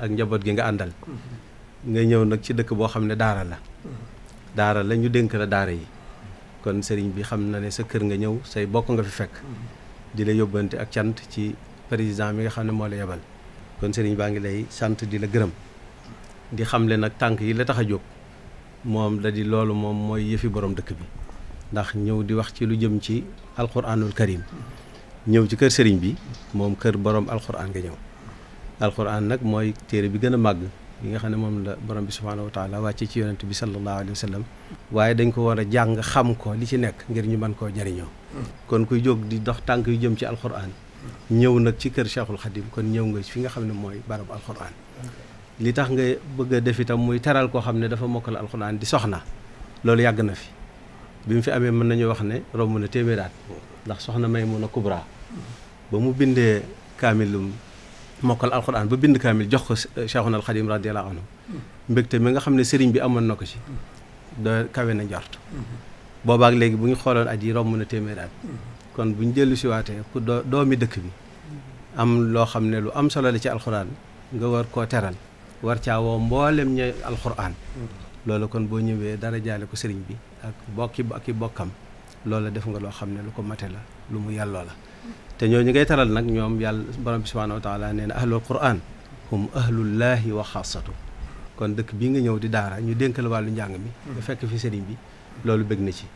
ak njaboot gi nga àndal nga ñëw nag ci dëkk boo xam ne daara la daara la ñu dénk la daara yi kon sëriñ bi xam na ne sa kër nga ñëw say bokk nga fi fekk di la yóbbante ak sant ci président mi nga xam ne moo la yebal kon sëriñ baa ngi lay sant di la gërëm di xam xamle nag tànk yi la tax a jóg moom da loolu moom mooy yëfi borom dëkk bi ndax ñëw di wax ci lu jëm ci alquranul karim ñëw ci kër sëriñ bi moom kër borom alquran nga ñëw alquran nag mooy téere bi gën a màgg bi nga xam ne moom la borom bi subhaanahu wa taala wàcce ci yonent bi sallallahu alayhi wa sallam waaye dañ ko war a jàng xam ko li ci nekk ngir ñu man koo jariñoo kon kuy jóg di dox tànk yu jëm ci alquran ñëw nag ci kër Cheikhul Khadim kon ñëw nga fi nga xam ne mooy barab alquran li tax nga bëgg a def itam muy teral koo xam ne dafa mokkal alxuraan di soxna loolu yàgg na fi bi mu fi amee mën nañu wax ne romb na téeméeraat ndax soxna Maymuna Kubra ba mu bindee kaamilum mokkal alxuraan ba bind kaamil jox ko eh, Cheikhuna Alxadim radiyallahu anhu mbégte mi nga xam ne sëriñ bi amoon na ko ci da kawe na njort boobaak léegi bu ñu xooloon at yi romb na téeméeri at kon bu ñu dellu siwaatee ku doomi dëkk bi am loo xam ne lu am solo la ci alxuraan nga war koo teral war caa woo mboolem ña alxuraan loolu kon boo ñëwee dara jaale ko sëriñ bi ak bokki bokkam loolu def nga loo xam ne lu ko mate la lu mu yàlloo la te ñooñu ngay taral nag ñoom yàlla borom bi subhaanahu wa taala nee na ahlul quran hum ahlullaahi wa xaasatu kon dëkk bii nga ñëw di daara ñu dénkal wàllu njàng mi nga fekk fi sëriñ bi loolu bëgg na ci